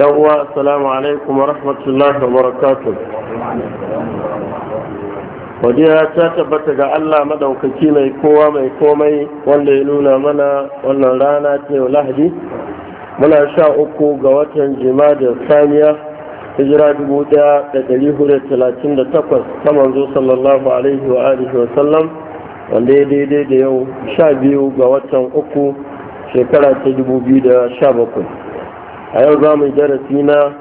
yan uwa assalamu alaikum wa rahmatullahi wa barakatuh wadiya ta tabbata ga Allah madaukaki mai kowa mai komai wanda ya nuna mana wannan rana ta yau lahadi muna sha uku ga watan jima'ar saniya hijira dubu daya da dari hudu talatin da takwas ta manzo sallallahu alaihi wa alihi wa sallam wanda ya daidai da yau sha biyu ga watan uku shekara ta dubu biyu da sha bakwai a yau za mu yi darasi na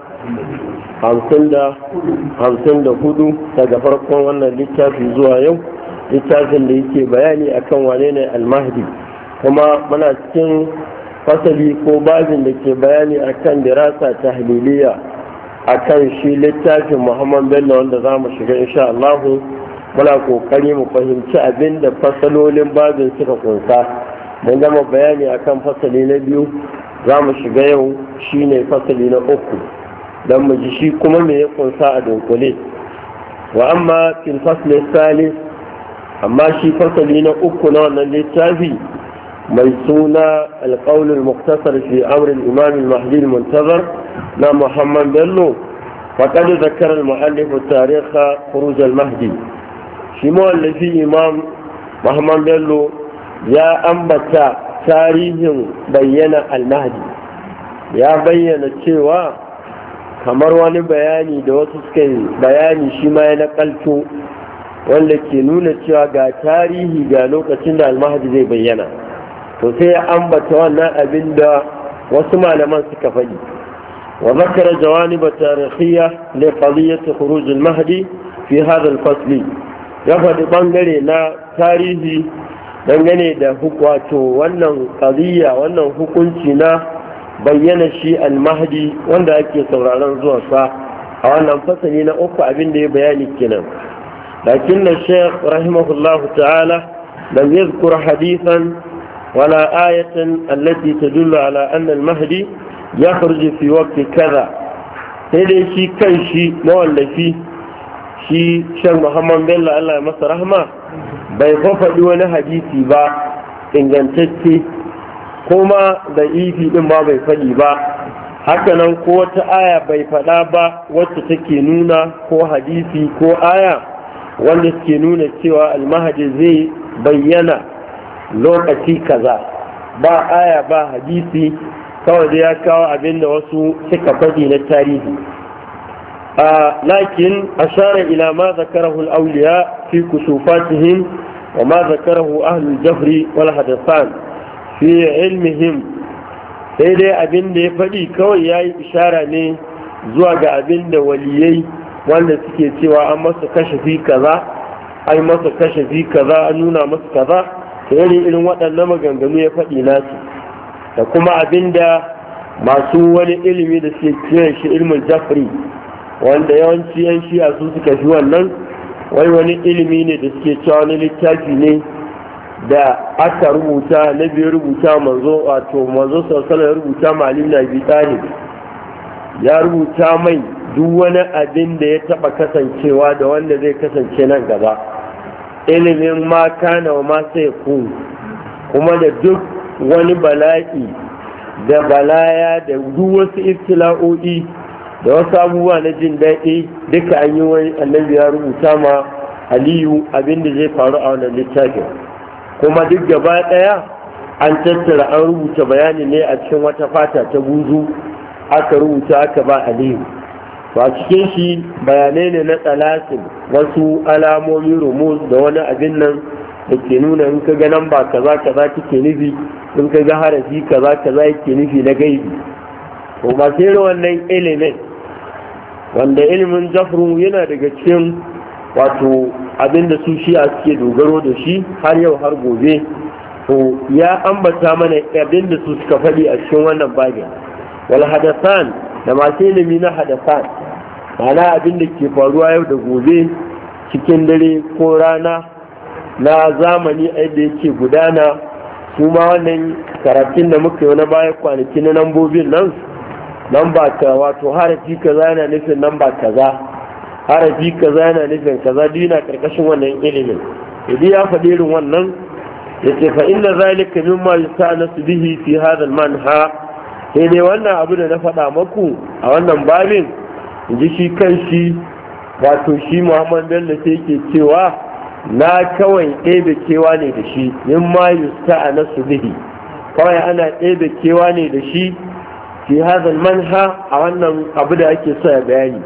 hamsin da hudu daga farkon wannan littafi zuwa yau littafin da yake bayani akan wane ne almahdi kuma muna cikin fasali ko babin da ke bayani akan dirasa tahliliya akan shi littafin muhammad bello wanda za mu shiga insha allahu muna kokari mu fahimci abin da fasalolin babin suka kunsa mun gama bayani akan fasali na biyu za mu shiga yau shine fasali na uku don mu ji shi kuma me ya kunsa a dunkule wa amma fil fasli salis amma shi fasali na uku na wannan littafi mai suna alƙaunin muktasar fi amrin imamin mahdi muntazar na muhammad bello faƙaɗi zakarar muhallifu tariha kurujal mahdi shi mawallafi imam muhammad bello ya ambata tarihin bayyana almahdi ya bayyana cewa kamar wani bayani da wasu suka bayani shi ma ya nakalto wanda ke nuna cewa ga tarihi ga lokacin da almahdi zai bayyana to sai ya ambata wannan abin da wasu malaman suka faɗi wa zakara jawaniba tarihiyya li qadiyyati khuruj al-mahdi fi hadha fasli ya faɗi ɓangare na tarihi ne da wato wannan kariya wannan hukunci na bayyana shi almahdi wanda ake sauraron zuwansa a wannan fasali na uku abin da ya bayani kenan lakin da shek rahimahullahu ta'ala da yadkur hadithan wala ayatan allati tadullu ala anna almahdi ya kharji fi waqti kaza sai dai shi kan shi mawallafi shi shan muhammad bello allah ya masa rahma bai faɗi wani hadisi ba ingantacce kuma da ifi din ba bai faɗi ba hakanan ko wata aya bai faɗa ba wacce take nuna ko hadisi ko aya wanda suke nuna cewa almahadi zai bayyana lokaci kaza ba aya ba hadisi kawai da ya kawo abin da wasu suka faɗi na tarihi لكن أشار إلى ما ذكره الأولياء في كشوفاتهم وما ذكره أهل الجهر والحدثان في علمهم سيدي أبن دي فدي كوي ياي إشارة ني زواج أبن دي وليي wanda suke cewa an masa kashafi kaza an masa kashafi kaza an nuna masa kaza ta irin waɗannan maganganu ya faɗi nasu da kuma abinda masu wani ilimi da suke kiran shi ilmin jafri wanda yawanci yan shiya su suka fi wannan wai wani ilimi ne da suke cewa na littafi ne da aka rubuta na biyu rubuta manzo wato manzo sassana ya rubuta malim na bi ya rubuta mai duk wani abin da ya taba kasancewa da wanda zai kasance nan gaba ilimin ma kana wa ma ya ku kuma da duk wani bala'i da balaya da duk wasu iftila'o'i da wasu abubuwa na jin daɗi duka an yi wani annabi ya rubuta ma aliyu abin da zai faru a wannan littafin kuma duk gaba ɗaya an tattara an rubuta bayani ne a cikin wata fata ta buzu aka rubuta aka ba aliyu ba cikin shi bayanai ne na tsalasin wasu alamomi rumus da wani abin nan da ke nuna in ka ga nan ba kaza kaza take nufi in ka ga harafi kaza kaza yake nufi na gaibi to ba sai wannan element. wanda ilimin jafru yana daga cikin wato abinda su a suke dogaro da shi har yau har gobe to ya ambata mana abinda su suka faɗi a cikin wannan babin wal hadasan da masu ilimi na hadasan mana abinda ke faruwa yau da gobe cikin dare ko rana na zamani a yadda yake gudana su ma wannan karatun da muka yi na baya kwanaki na lambobin nan namba ka wato harafi kaza yana nufin kaza harafi kaza yana nufin kaza duk yana karkashin wannan ilimin idan ya faɗi irin wannan ya ce fa inna zalika mimma yusta'nasu bihi fi hadha manha sai dai wannan abu da na faɗa maku a wannan babin ji shi kan shi wato shi muhammad bello sai ke cewa na kawai ɗebe kewa ne da shi mimma yusta'nasu bihi kawai ana ɗebe kewa ne da shi fi hadha manha a wannan abu da ake so ya bayani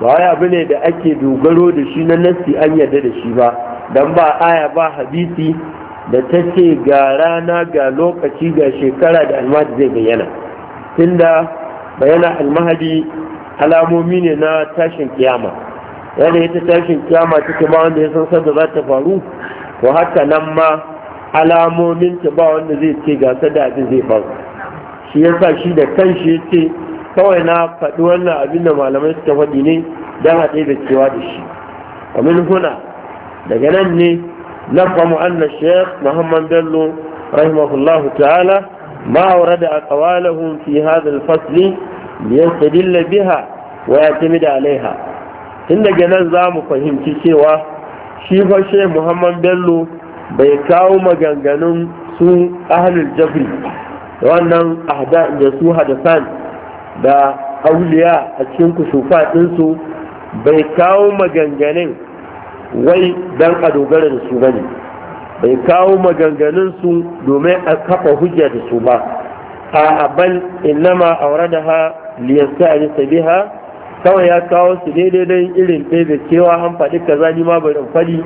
ba wai abu ne da ake dogaro da shi na nassi an yarda da shi ba dan ba aya ba hadisi da ta ce ga rana ga lokaci ga shekara da almahadi zai bayyana tunda bayyana almahadi alamomi ne na tashin kiyama yana ita tashin kiyama take ba wanda ya san sanda za ta faru ko haka nan ma alamomin ta ba wanda zai ce ga sada abin zai faru shi sa shi da kanshi yace kawai na faɗi wannan abin da malamai suka faɗi ne don a da cewa da shi amin huna daga nan ne na famu anna sheikh muhammad bello rahimahullahu ta'ala ma da aqwalahum fi hadha al-fasl liyastadilla biha wa yatamid alaiha tun daga nan za mu fahimci cewa shi fa sheikh muhammad bello bai kawo maganganun su ahlul jabri wannan ahda da su hadasan da auliya a cikin kusufa ɗinsu bai kawo maganganun wai don a dogara da su bane bai kawo maganganun su domin a kafa hujja da su ba a abal innama auradaha liyasta'risa biha kawai ya kawo su daidai dai irin ɗaya cewa an faɗi kaza ni ma bari faɗi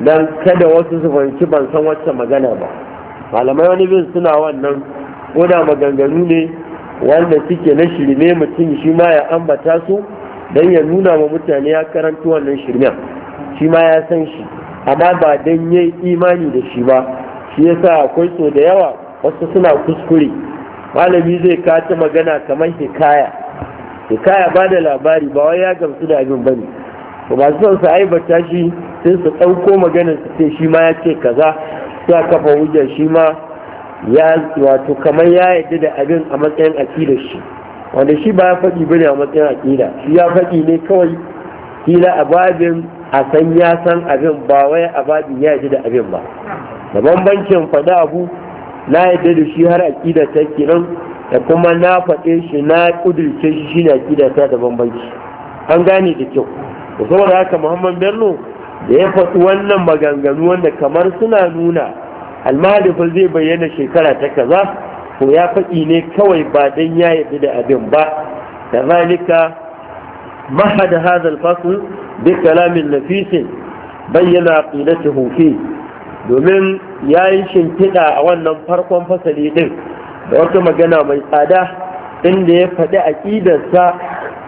Dan kada wasu su fahimci ban san wacce magana ba malamai wani bin suna wannan ko ma maganganu ne wanda suke na shirme mutum shi ma ya ambata su don ya nuna ma mutane ya karanta wannan shirmen shi ma ya san shi amma ba don yi imani da shi ba shi ya sa akwai so da yawa wasu suna kuskure malami zai kata magana kamar hikaya hikaya ba da labari ba wai ya gamsu da abin bane to ba su su aibata shi sai su ɗauko maganar su ce shi ma ya ce kaza sai kafa hujjar shi ma ya wato kamar ya yadda da abin a matsayin akidar shi wanda shi ba ya faɗi bane a matsayin akida shi ya faɗi ne kawai kila a babin a san ya san abin ba wai a babin ya yadda da abin ba da bambancin faɗi abu na yadda da shi har akida ta kiran, da kuma na faɗe shi na ƙudurce shi shi ne akida ta da bambanci an gane da kyau saboda haka muhammad bello da ya faɗi wannan maganganu wanda kamar suna nuna almahadi zai bayyana shekara ta kaza ko ya faɗi ne kawai ba dan ya yabi da abin ba da zalika mahad hadha al-fasl bi kalamin nafisin bayyana qilatuhu fi domin yayin shimfiɗa a wannan farkon fasali din da wata magana mai tsada inda ya faɗi aƙidarsa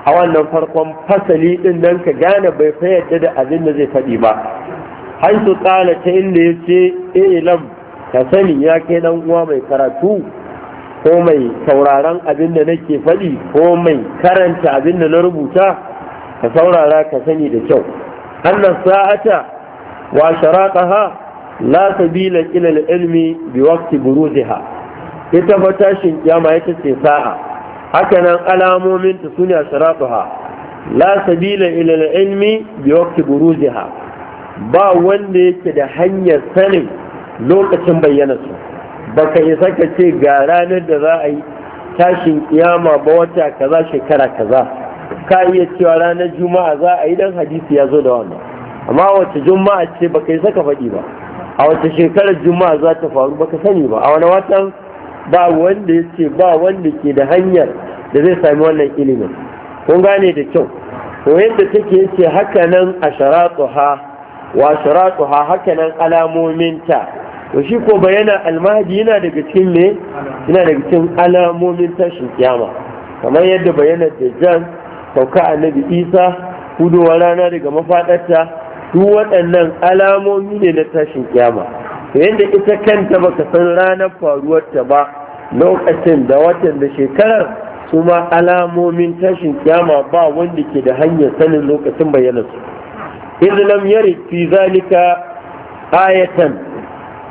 a wannan farkon fasali ɗin don ka gane bai fa yadda da abin da zai faɗi ba haisu tsala ta inda ya ce ilam ka sani ya ke dan uwa mai karatu ko mai sauraron abin da nake faɗi ko mai karanta abin da na rubuta ka saurara ka sani da kyau annas sa'ata wa sharaqaha la sabila ila ilmi bi waqti buruziha ita fa tashin kiyama ita ce sa'a hakanan alamomin ta sune sharaqaha la sabila ila ilmi bi waqti buruziha ba wanda yake da hanyar sanin lokacin bayyanarsu ba ka isa ka ce ga ranar da za a yi tashin kiyama ba wata kaza shekara kaza ka iya cewa ranar juma'a za a yi dan hadisi ya zo da wannan amma wace juma'a ce ba ka isa ka faɗi ba a wace shekarar juma'a za ta faru ba ka sani ba a wani watan ba wanda ya ce ba wanda ke da hanyar da zai sami wannan ilimin kun gane da kyau to yadda take yace haka nan a sharatu ha wa ashratuha hakanan alamominta to shi ko bayana almahdi yana daga cikin ne yana daga cikin alamomin tashin kiyama kamar yadda bayana dajjal sauka annabi isa hudu rana daga mafadarta duk waɗannan alamomi ne na tashin kiyama to yadda ita kanta baka san ranar faruwarta ba lokacin da watan da shekarar su ma alamomin tashin kiyama ba wanda ke da hanyar sanin lokacin bayyanarsu إذ لم يرد في ذلك آية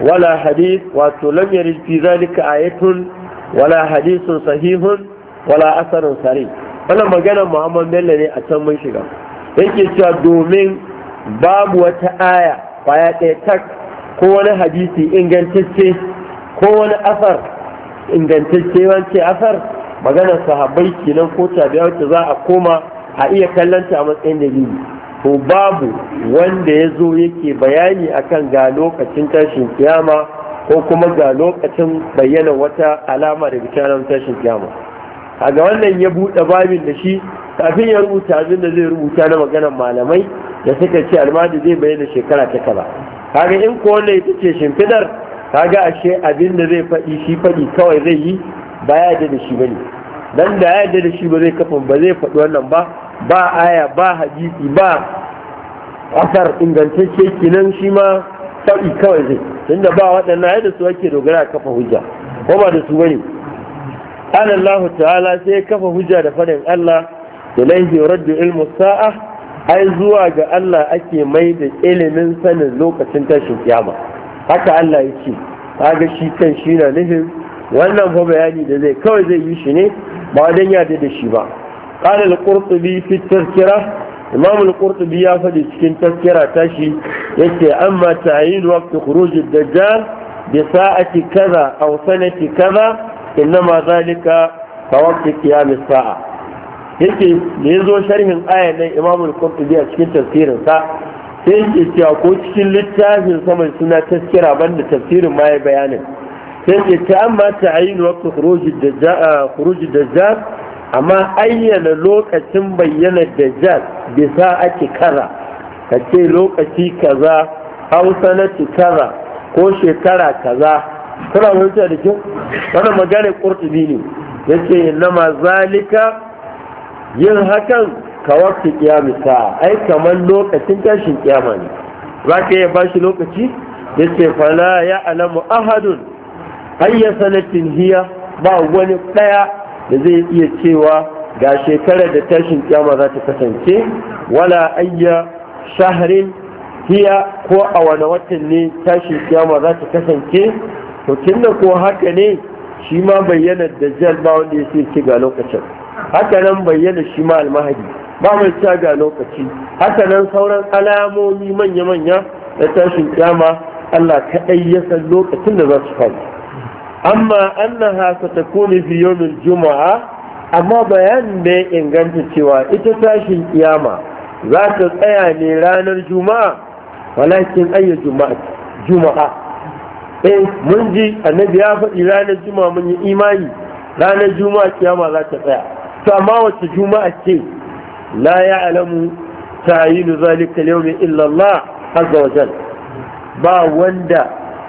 ولا حديث ولم يرد في ذلك آية ولا حديث صحيح ولا أثر صريح maganar Muhammad Bello ne a can mun shiga yake cewa domin babu wata aya baya ɗaya tak ko wani hadisi ingantacce ko wani asar ingantacce wance asar maganar sahabbai kenan ko tabi'a wacce za a koma a iya kallanta a matsayin dalili to babu wanda ya zo yake bayani akan ga lokacin tashin kiyama ko kuma ga lokacin bayyana wata alama da bitanar tashin kiyama a ga wannan ya buɗe babin da shi kafin ya rubuta abin da zai rubuta na maganar malamai da suka ce almadi zai bayyana shekara ta kaza kaga in ko wannan ita ce shimfidar kaga ashe abin da zai faɗi shi faɗi kawai zai yi ba ya da shi bane dan da ya da shi ba zai kafa ba zai faɗi wannan ba ba aya ba hadisi ba asar ingantacce kenan shi ma sauki kawai zai tunda ba waɗannan ai da su ake dogara kafa hujja ko ba da su bane qala ta'ala sai kafa hujja da fadin Allah da laihi yuraddu ilmu sa'a ai zuwa ga Allah ake mai da ilimin sanin lokacin tashin kiyama haka Allah yake kaga shi kan shi na nufin wannan fa bayani da zai kawai zai yi shi ne ba dan yarda da shi ba qala al-qurtubi fi imam al-qurtubi ya faɗi cikin tazkira tashi yace amma ta'yin waqt khuruj ad-dajjal bi sa'ati kaza aw sanati kaza inma zalika fa waqt qiyam as-sa'a yake da yazo sharhin ayar nan imam al-qurtubi a cikin tafsirin sa sai yake cewa ko cikin littafin sa suna taskira, banda tafsirin ma ya bayanin sai yake amma ta'yin waqt khuruj ad-dajjal amma ayyana lokacin bayyana da dajjal bisa ake kara ka ce lokaci kaza hausa na kaza ko shekara kaza suna fahimta da kyau wannan magana kurtubi ne ya ce nama zalika yin hakan kawar ki kiyamisa ai kamar lokacin tashin kiyama ne za ka iya ba shi lokaci ya ce fala ya alamu ahadun hayya sanatin hiya ba wani ɗaya da zai iya cewa ga shekarar da tashin kyama za ta kasance wala ayya shaharin hiya ko a wani watan ne tashin kyama za ta kasance to tunda ko haka ne shi ma bayyana dajjal ba wanda ya ce ga lokacin haka nan bayyana shi ma almahadi ba mai ta ga lokaci haka nan sauran alamomi manya-manya na tashin kyama Allah kaɗai ya san lokacin da za su faru amma annaha satakuni fi yawmil juma'a amma bayanin da ya inganta cewa ita tashin kiyama za ta tsaya ne ranar juma'a walakin ayyu juma'a juma'a eh mun ji annabi ya faɗi ranar juma'a mun yi imani ranar juma'a kiyama za ta tsaya to amma wace juma'a ce la ya'lamu ta'yinu zalika al-yawmi illa Allah azza wa ba wanda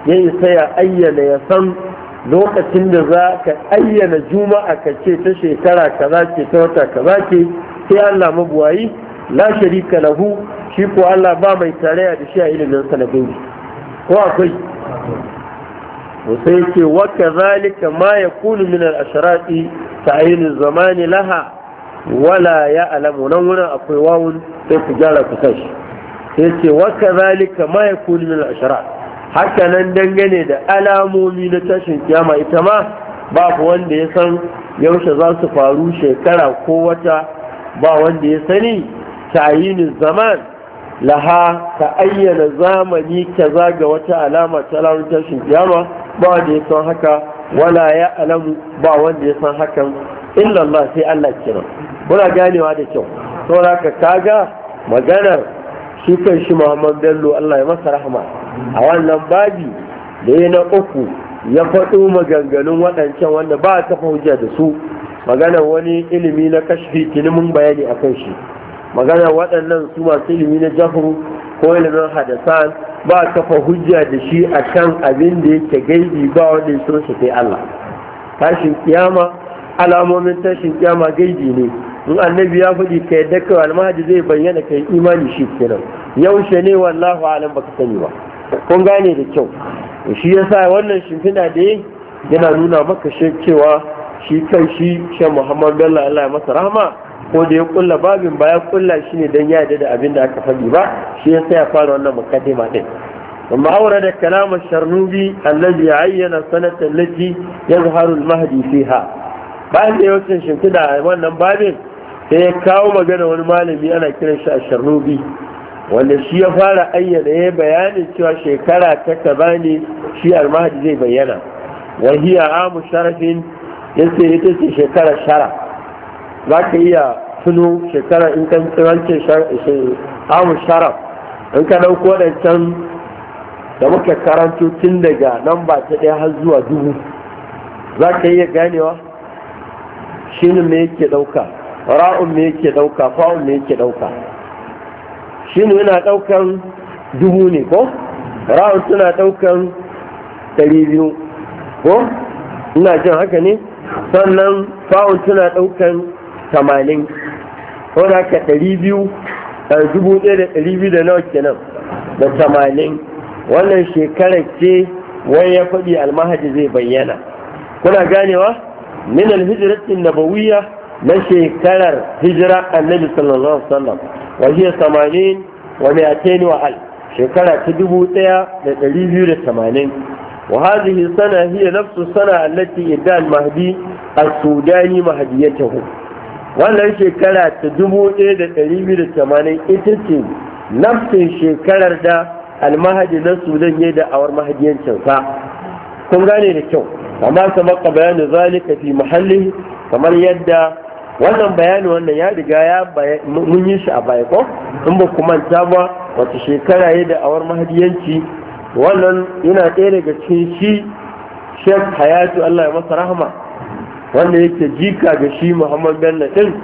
ya isa ya ayyana ya san lokacin da za ka ayyana juma'a ka ce ta shekara ka za ke ta wata za ke sai Allah mabuwayi la sharika lahu shi ko Allah ba mai tarayya da shi a ilimin sa na ko akwai ko sai ce wa kazalika ma yakunu min al ta ta'yin zamani laha wala ya alamu nan wurin akwai wawun sai ku gyara ku kai sai ce wa kazalika ma yakunu min al asharati haka nan dangane da alamomi na tashin kiyama ita ma babu wanda ya san yaushe za su faru shekara ko wata ba wanda ya sani tayinin zaman laha ta ayyana zamani ka zaga wata alama ta alamun tashin kiyama ba wanda ya san haka wala ya alamu ba wanda ya san hakan illallah sai Allah kira muna ganewa da kyau saboda ka kaga maganar shi kan shi Muhammad Bello Allah ya masa rahama a wannan babi da ya na uku ya faɗo maganganun waɗancan wanda ba a tafa hujja da su magana wani ilimi na kashfi ilimin bayani a kan shi magana waɗannan su masu ilimi na jahru ko ilimin hadasan ba a tafa hujja da shi a kan abin da yake gaibi ba wanda ya shi sai Allah tashin kiyama alamomin tashin kiyama gaibi ne in annabi ya faɗi ka yadda kawai almahadi zai bayyana kai imani shi kenan yaushe ne wallahu alam baka sani ba kun gane da kyau shi ya sa wannan shimfina da yana nuna maka cewa shi kan shi shan muhammad bello allah Ya masa rahama ko da ya kulla babin ba ya kulla shi ne don ya da abin da aka faɗi ba shi ya sa ya fara wannan mukaddima din ayyana أورد كلام ya الذي mahadi fi ha. Ba المهدي فيها yawancin shimfida a wannan Babin? sai ya kawo magana wani malami ana kiran shi a Sharnubi. wanda shi ya fara ayyana ya bayanin cewa shekara ta kaza ne shi almahadi zai bayyana wahiya amu sharafin ya ce ita ce shekara shara za ka iya tuno shekara in kan tsirancin amu sharaf in ka ɗauko can da muka karanto tun daga nan ba ta ɗaya har zuwa dubu za ka iya ganewa ne me yake ɗauka ra'un me yake ɗauka fa'un me yake ɗauka ne yana daukan dubu ne ko ra'un suna daukan ɗari biyu ko ina jin haka ne sannan fa'un suna daukan tamanin ko da ka ɗari biyu dubu ɗaya da ɗari biyu da nawa kenan da tamanin wannan shekarar ce wani ya faɗi almahadi zai bayyana kuna ganewa min alhijiratin nabawiyya na shekarar hijira annabi sallallahu alaihi wasallam wa hiya 80 wa 200 wa al shekara ta dubu da biyu 1280 wa hadhihi sana hiya nafsu sana allati idda al mahdi as-sudani mahdiyatahu wannan shekara ta dubu da da biyu 1280 ita ce nafsin shekarar da al-mahdi na sudan ya da awar mahdiyancinsa kun gane da kyau amma kamar bayanin zalika fi mahallihi kamar yadda wannan bayani wannan ya riga ya mun yi shi a baya ko in ba ku manta ba wata shekara ya da awar mahadiyanci wannan yana ɗaya daga cikin shi shek hayatu allah ya masa rahama wanda yake jika ga shi muhammad bello din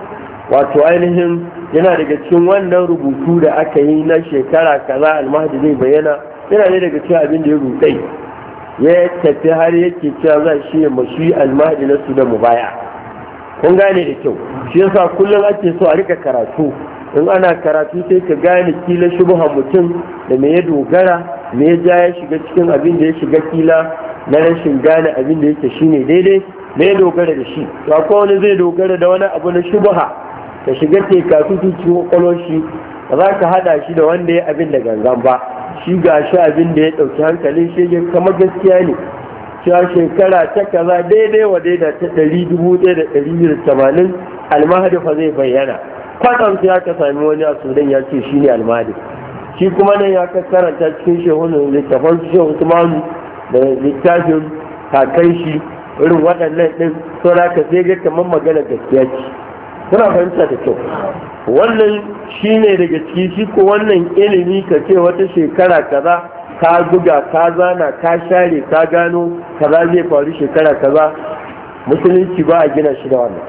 wato ainihin yana daga cikin wannan rubutu da aka yi na shekara kaza almahdi zai bayyana yana ɗaya daga cikin abin da ya rudai ya tafi har yake cewa za shi ya mashi almahdi na su da mubaya kun gane da kyau shi yasa kullum ake so a rika karatu in ana karatu sai ka gane kila shubha mutum da me ya dogara me ya ja ya shiga cikin abin da ya shiga kila na rashin gane abin da yake shine daidai me ya dogara da shi to akwai wani zai dogara da wani abu na shubha ka shiga tekatu cikin kwakwalwar shi ba za ka hada shi da wanda ya abin da gangan ba shi ga shi abin da ya ɗauki hankalin shi kamar gaskiya ne cewa shekara ta kaza daidai wa daidai ta ɗari dubu ɗaya da ɗari biyu da tamanin almahadi fa zai bayyana kwatsam sai aka sami wani a sudan ya ce shi ne almahadi shi kuma nan ya karanta cikin shehunan littafan shehu usmanu da littafin kakan shi irin waɗannan ɗin saura ka sai ga kamar magana gaskiya ce suna fahimta da kyau wannan shi ne daga ciki shi ko wannan ilimi ka ce wata shekara kaza ka buga ka zana ka share ka gano kaza zai faru shekara kaza musulunci ba a gina shi da wannan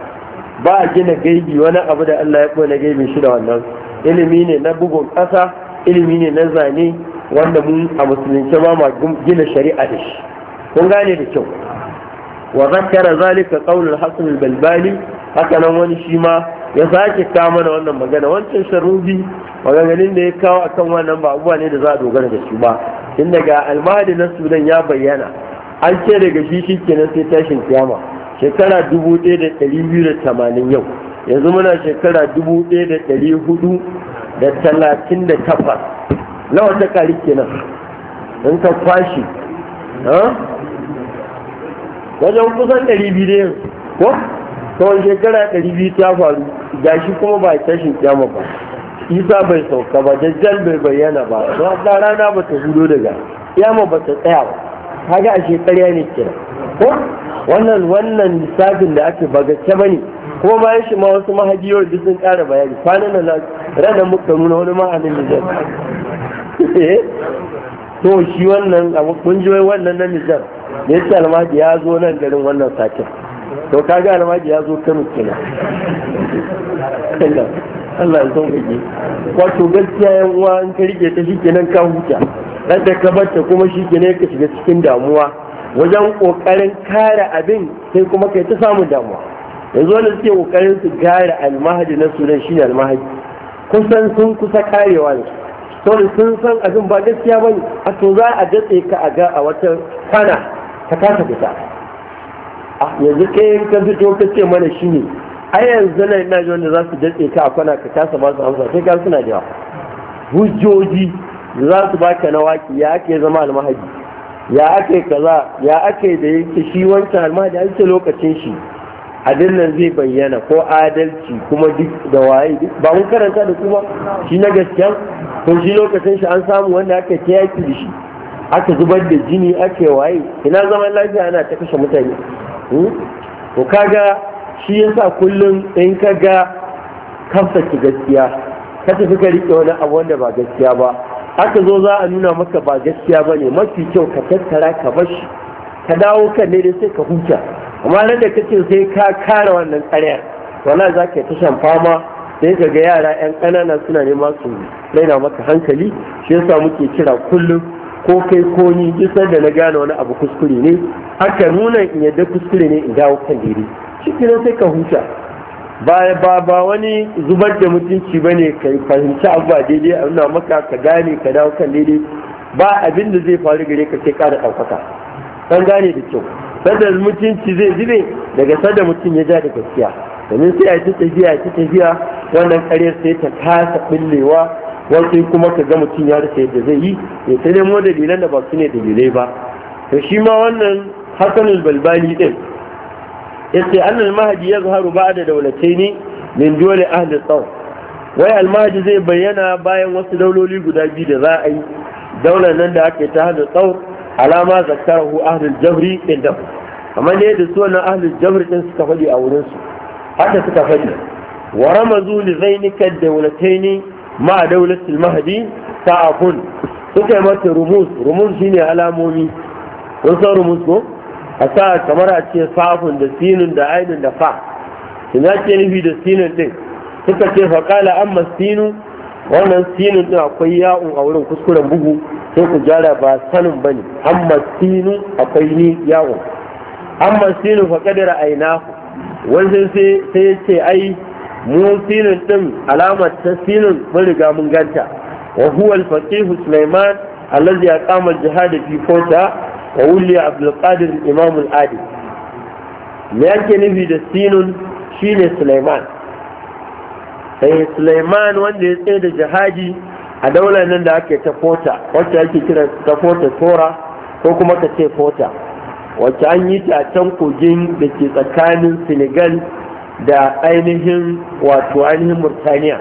ba a gina gaibi wani abu da Allah ya kone gaibin shi da wannan ilimi ne na bugun ƙasa ilimi ne na zane wanda mun a musulunci ba ma gina shari'a da shi kun gane da kyau wa zakara zalika qaulul hasan al-balbani haka nan wani shi ma ya sake kawo mana wannan magana wancan sharubi maganganun da ya kawo akan wannan ba abubuwa ne da za a dogara da su ba tun daga almahadi na sudan ya bayyana an ce daga shi shi kenan sai tashin kiyama shekara dubu ɗaya da ɗari biyu da tamanin yau yanzu muna shekara dubu ɗaya da ɗari hudu da talatin da kenan in ka kwashi wajen kusan ɗari biyu da yanzu ko tsawon shekara ɗari biyu ta faru gashi kuma ba tashin kyama ba isa bai sauka ba dajjal bai bayyana ba da rana ba ta hudo daga kyama ba ta tsaya ba kaga a shekarya ne kira ko wannan wannan lissafin da ake bagace ba ne kuma bayan shi ma wasu mahajiyoyi duk sun ƙara bayani kwanan nan ranar muka nuna wani ma'anin da zai eh? to shi wannan abu kun ji wannan na nijar da ya ce almahdi ya zo nan garin wannan satin to ga almaji ya zo kano kenan Allah ya sauƙaƙe wato gaskiya yan uwa in ka rike ta shikenan ka huta dan da ka barta kuma shikenan ka shiga cikin damuwa wajen kokarin kare abin sai kuma kai ta samu damuwa yanzu wanda suke kokarin su kare almahadi na sunan shine almahadi kusan sun kusa karewa ne to sun san abin ba gaskiya bane a to za a datse ka a ga a wata kwana ta kasa fita yanzu yin kan fito ka ce mana shi ne a yanzu na ina ji wanda za su datse ka a kwana ka kasa ba su amsa sai ka suna da yawa hujjoji za su baka na waki ya ake zama almahadi ya ake kaza ya ake da yake shi wancan almahadi an ce lokacin shi abin nan zai bayyana ko adalci kuma duk da waye duk? ba mun karanta da kuma shi na gaskiya ko shi lokacin shi an samu wanda aka ta yaki da shi aka zubar da jini ake waye ina zaman lafiya ana ta kashe mutane ko ga shi yasa kullum in kaga kamsa ki gaskiya ka tafi ka riƙe wani abu wanda ba gaskiya ba aka zo za a nuna maka ba gaskiya ba ne mafi kyau ka tattara ka bar shi, ka dawo kan ne sai ka huta amma nan da kace sai ka kare wannan tsariya. wala za ka ta shan fama sai ka ga yara 'yan ƙanana suna nema su raina maka hankali shi yasa muke kira kullum ko kai ko ni da na gane wani abu kuskure ne haka nuna in yadda kuskure ne in dawo kan daidai shi sai ka huta ba ba ba wani zubar da mutunci ba ne ka fahimci abu daidai a nuna maka ka gane ka dawo kan daidai ba abin da zai faru gare ka sai ƙara ɗaukaka kan gane da kyau sadda mutunci zai zube daga sanda mutum ya ja da gaskiya domin sai a ci tafiya ci tafiya wannan karyar sai ta kasa billewa wasu kuma ka ga mutum ya rufe da zai yi ya ta nemo dalilan da ba su ne dalilai ba to shi ma wannan hasanul Balbali din yace annal mahdi da ba'da ne. min dole ahli tsawon wai almahadi zai bayyana bayan wasu dauloli guda biyu da za a yi daular nan da ake ta ahli tsawon alama zakarahu ahli jabri da amma ne da su wannan ahli jabri din suka faɗi a wurinsu. haka suka faɗi wa ramazu li zainika ne. ma daulatul mahdi ta'akun suka yi mata rumus rumus shi ne alamomi kun san rumus ko a sa kamar a ce safun da sinin da ainun da fa sun ya ce nufi da sinun din suka ce faƙala amma sinu wannan sinin din akwai ya'un a wurin kuskuren bugu sai ku gyara ba sanin ba ne amma sinu akwai ni yawon amma sinu fa kadara aina wani sai sai ya ce ai mu sinin din alamar ta sinin mun riga mun ganta wa huwa al-faqih Sulaiman alladhi aqama al-jihad fi Kota wa wuli Abdul Qadir Imam al-Adil me yake nufi da sinun shine Sulaiman sai Sulaiman wanda ya tsaye da jihadi a daular nan da ake ta Kota wacce ake kira ta Kota Tora ko kuma ka ce Kota wacce an yi ta can kogin da ke tsakanin Senegal da ainihin wato ainihin murtaniya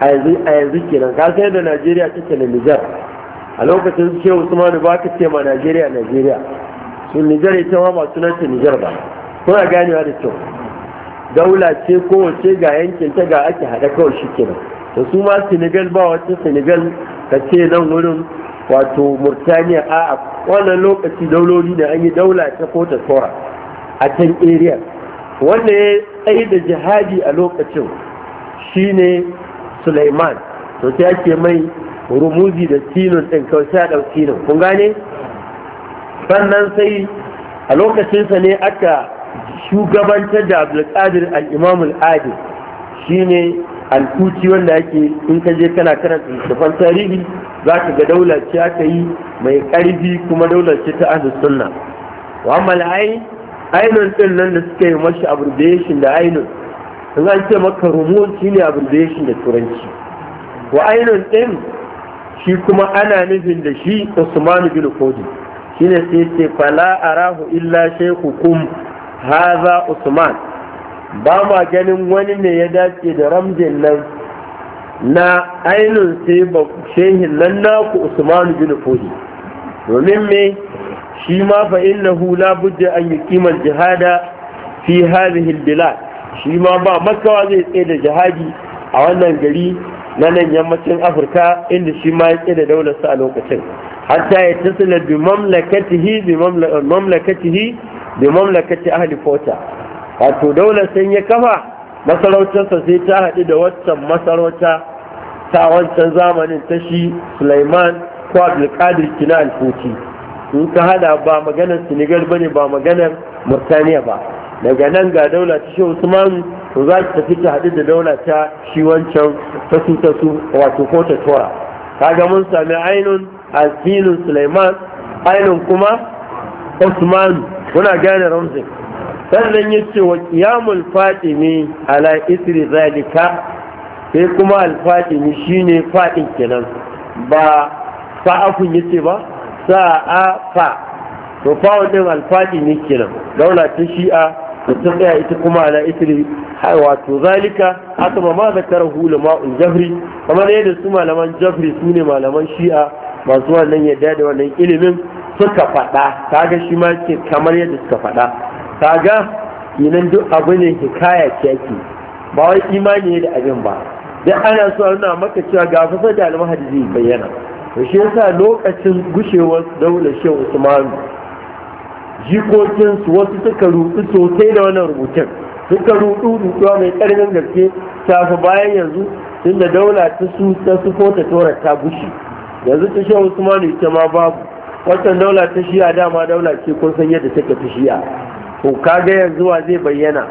a yanzu kenan ka sai da najeriya take da nijar a lokacin su ce usmanu ba ka ce ma najeriya najeriya su nijar ita ma masu nanta nijar ba kuna ganewa da kyau daula ce kowace ga yankin ta ga ake haɗa kawai shi kenan da su ma senegal ba wata senegal ka ce nan wurin wato murtaniya a wannan lokaci dauloli da an yi daula ta kota tora a can area wanda tsaye da jihadi a lokacin shine Suleiman to ta ake mai rumuzi da tinun ɗin kawai sai a ɗau tinun kun gane sannan sai a lokacinsa ne aka shugabantar da abdulkadir al-imam adi adil shine alkuci wanda yake in ka je kana karanta littafan tarihi za ka ga daular ce aka yi mai ƙarfi kuma daular ce ta ahlus sunna wa amma ainihin ɗin nan da suka yi mashi abbreviation da ainihin in an ce maka rumun shi ne abbreviation da turanci wa ainihin ɗin, shi kuma ana nufin da shi Usmanu bin kodi shi ne sai ce fala arahu illa kum haza usman ba ma ganin wani ne ya dace da ramjin nan na ainihin sai ba shehin nan naku usman bin kodi domin me shi ma fa innahu la budda an yuqima jihada fi hadhihi al shi ma ba makawa zai tsaye da jihadi a wannan gari na nan yammacin Afirka inda shi ma ya tsaye da daular sa a lokacin hatta ya tasila bi mamlakatihi bi mamlakatihi bi mamlakati ahli Fota wato daular sai ya kafa masarautarsa sai ta haɗu da wancan masarauta ta wancan zamanin ta shi Sulaiman ko Abdulkadir kina alfoti. sun ka hada ba maganar senegal bane ba maganar murtaniya ba daga nan ga daula ta shi usman to za ta tafi ta haɗu da daula ta shi wancan ta su wato ko ta tora kaga mun sami ainun asinun suleiman ainun kuma usman kuna gane ramzin sannan ya ce wa kiyamul fatimi ala isri zalika sai kuma alfatimi shine fadin kenan ba sa'afun yace ba sa'a fa to fa wannan alfadi ne kenan daula ta shi'a da ta tsaya ita kuma ana isri hai wato zalika haka ma ma zakara hula ma'un jafri kamar yadda su malaman jafri su ne malaman shi'a masu wannan yadda da wannan ilimin suka faɗa kaga shi ma ke kamar yadda suka faɗa kaga inan duk abu ne hikaya ce ake ba wai imani ne da abin ba duk ana so a nuna maka cewa ga fasa da almahadi zai bayyana to shi yasa lokacin gushewar daula shehu usman jikokinsu wasu suka rudu sosai da wannan rubutun suka rudu rutuwa mai karfin gaske tafi bayan yanzu tunda daula ta su ta su ko ta tora ta gushe yanzu ta shehu usman ita ma babu wannan daula ta shiya dama daula ce kun san yadda take ta shiya to kaga yanzu wa zai bayyana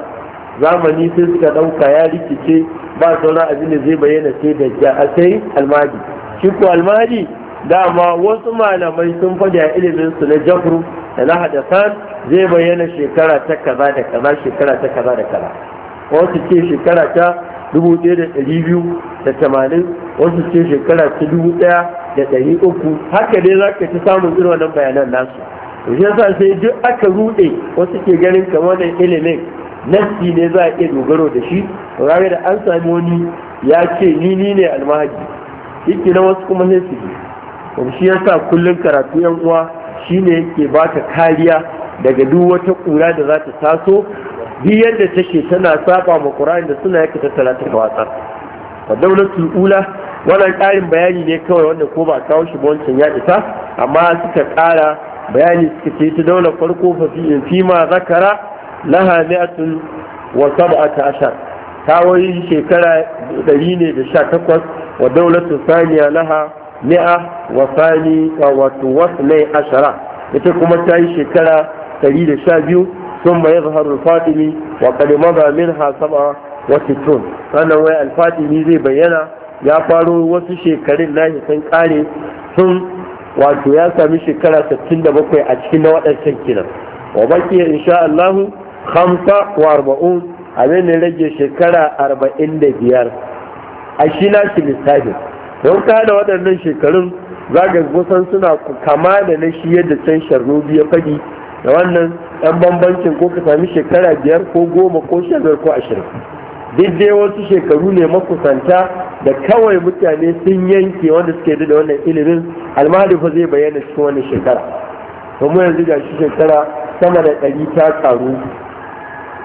zamani sai suka dauka ya rikice ba sauran abin da zai bayyana sai da ja'a sai almadi shi ko almahadi dama wasu malamai sun faɗi a ilimin su na jafru da na hadasan zai bayyana shekara ta kaza da kaza shekara ta kaza da kaza wasu ce shekara ta dubu ɗaya da ɗari biyu da tamanin wasu ce shekara ta dubu ɗaya da ɗari uku haka dai za ka ci samun irin wannan bayanan nasu to shi yasa sai duk aka ruɗe wasu ke ganin kamar wannan ilimin nasi ne za a iya dogaro da shi to da an sami wani ya ce ni ni ne almahadi yake na wasu kuma sai su to shi yasa kullum karatu yan uwa shine ke baka kariya daga duk wata kura da za ta taso duk yadda take tana saba ma Qur'ani da suna yake tattala ta watsar wa dawlatul ula wannan ƙarin bayani ne kawai wanda ko ba kawo shi wancan ya isa amma suka ƙara bayani suka ce ta daular farko fa fi ma zakara laha mi'atun wa sab'ata ashar tawoyin shekara ɗari ne da sha takwas wa daulatu saniya laha mi'a wa sani wato wasnai ashara ita kuma ta yi shekara ɗari da sha biyu sun mai zahar fatimi wa kalima ba min ha wa sitrun sannan wai alfatimi zai bayyana ya faro wasu shekarun nashi sun kare sun wato ya sami shekara 67 a cikin na waɗancan kinan wa baki insha Allah 45 abin da rage shekara arba'in da biyar a shi na shi lissafin don ka da waɗannan shekarun za ga kusan suna kama da na shi yadda can sharnobi ya fadi da wannan ɗan bambancin ko ka sami shekara biyar ko goma ko sha ko ashirin duk dai wasu shekaru ne makusanta da kawai mutane sun yanke wanda suke da wannan ilimin almahadi fa zai bayyana cikin wannan shekara kuma yanzu ga shi shekara sama da ɗari ta karu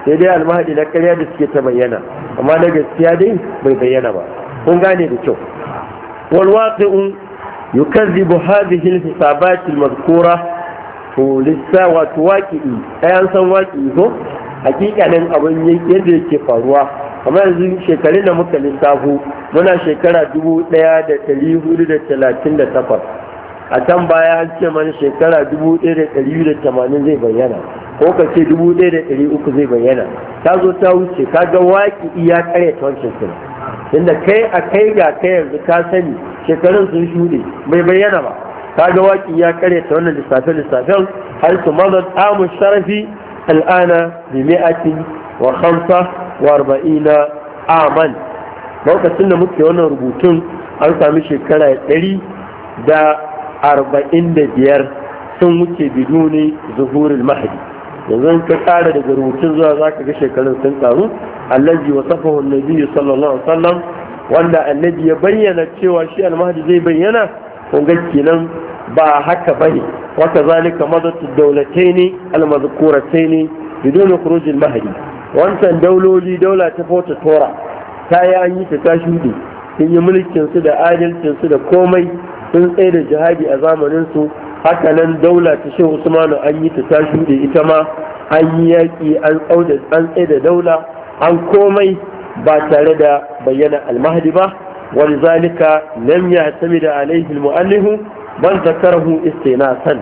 sai dai almahadi na karya da suke ta bayyana amma na gaskiya dai bai bayyana ba kun gane da kyau wal waqi'u yukazzibu hadhihi al-hisabat al-madhkura to lissa wato waqi'i ayan san waqi'i ko hakikanin abin yadda yake faruwa kamar yanzu shekarun da muka lissafo muna shekara dubu ɗaya hudu da talatin da takwas a can baya an ce mana shekara 1280 zai bayyana ko ka ce 1300 zai bayyana ta zo ta wuce ka ga waki iya kare ta wancan suna inda kai a kai ga kai yanzu ka sani shekarun sun shuɗe bai bayyana ba ka ga waki iya kare ta wannan lissafe lissafen har su mazan amun sharafi al'ana bi mi'ati wa hamsa wa arba'ina aman lokacin da muke wannan rubutun an sami shekara ɗari da arba'in da biyar sun wuce biduni zuhurul mahdi yanzu ka tsara daga rubutun zuwa za ka ga shekarun sun karu allazi wa safahu annabi sallallahu alaihi wasallam wanda annabi ya bayyana cewa shi almahdi zai bayyana kun ga kenan ba haka bane waka zalika madatu dawlataini almazkurataini bidun khuruj almahdi wancan dauloli daula ta fota tora ta yi an yi ta tashi sun yi mulkin su da adalcin su da komai sun tsaye da jihadi a zamaninsu haka nan daula ta shehu usmanu an yi ta ta da ita ma an yi yaƙi an tsaye da daula an komai ba tare da bayyana almahdi ba wani zalika lam ya sami da alaihi mu'allihu ban zakarahu istinasan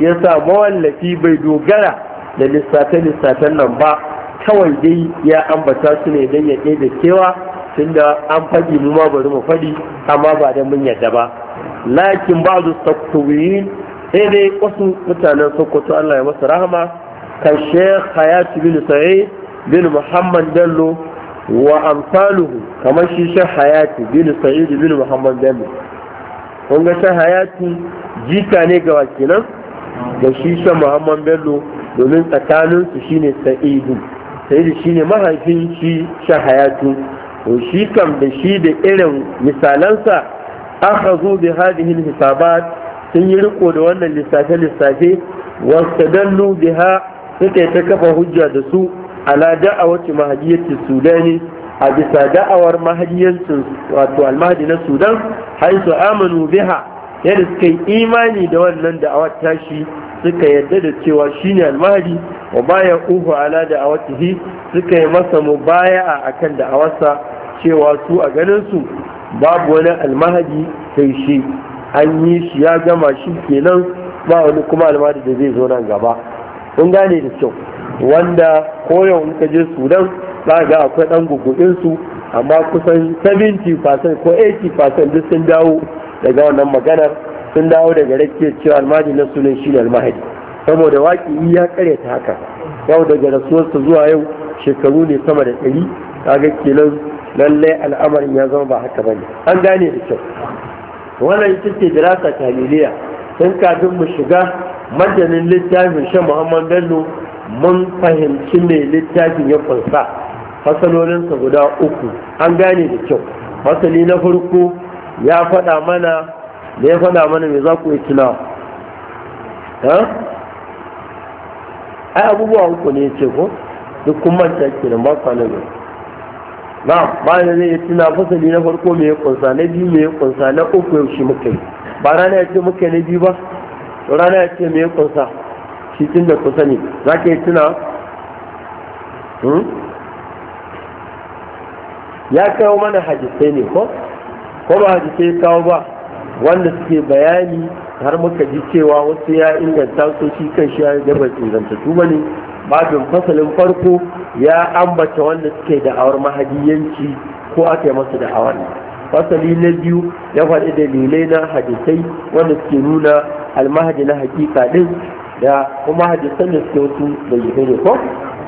yasa mawallafi bai dogara da lissafe-lissafen nan ba kawai dai ya ambata su ne don ya da kewa tunda an faɗi mu ma bari mu faɗi amma ba da mun yadda ba lakin ba'du sakkuwiyin sai dai wasu mutanen sokoto Allah ya masa rahama ka sheikh hayati bin sa'id bin muhammad bello wa amsaluhu kamar shi sheikh hayati bin sa'id bin muhammad bello kun ga sheikh hayati jika ne ga wakilan da shi sheikh muhammad bello domin tsakanin su shine sa'idu sa'idu shine mahaifin shi sheikh hayati to shi kam da shi da irin misalansa akhadhu bi hadhihi hisabat sun yi riko da wannan lissafe lissafe wastadallu biha suka ta kafa hujja da su ala da'awati mahdiyyati sudani a bisa da'awar mahdiyancin wato mahdi na sudan haisu amanu biha yadda suka yi imani da wannan da'awar tashi suka yadda da cewa shine almahdi wa baya uhu ala da'awatihi suka yi masa mubaya'a akan da'awarsa cewa su a ganin su babu wani almahadi sai shi an yi shi ya gama shi kenan ba wani kuma almahadi da zai zo nan gaba kun gane da kyau wanda koyon in ka je sudan za ga akwai dan gugudin su amma kusan 70% ko 80% duk sun dawo daga wannan maganar sun dawo daga rakiyar cewa almahadi na sunan shi ne almahadi saboda waƙi ya karyata haka yau daga rasuwarsa zuwa yau shekaru ne sama da ɗari kaga kenan lallai al'amarin ya zama ba haka bane an gane da kyau wannan ita ce dirasa taliliya tun kafin mu shiga majanin littafin shan muhammad bello mun fahimci mai littafin ya kunsa fasalolinsa guda uku an gane da kyau fasali na farko ya faɗa mana da ya faɗa mana me za ku yi tunawa ai abubuwa uku ne ce ko duk kun manta kenan ba kwanan yau na bayan zai yi tuna fasali na farko mai kunsa na biyu mai kunsa na uku yaushe muka yi ba rana ya ce muka na biyu ba rana ya ce mai kunsa shi tun da kusa ne za ka yi tuna hmm? ya kawo mana hadisai ne ko ko ba hadisai kawo ba wanda suke bayani har muka ji cewa wasu ya inganta su shi kan shi ya gaba inganta su ba ne babin fasalin farko ya ambata wanda suke da'awar mahadiyanci ko aka yi masu da'awar fasali na biyu ya faɗi dalilai na hadisai wanda suke nuna almahadi na hakika ɗin da kuma hadisan da suke wasu da yi ko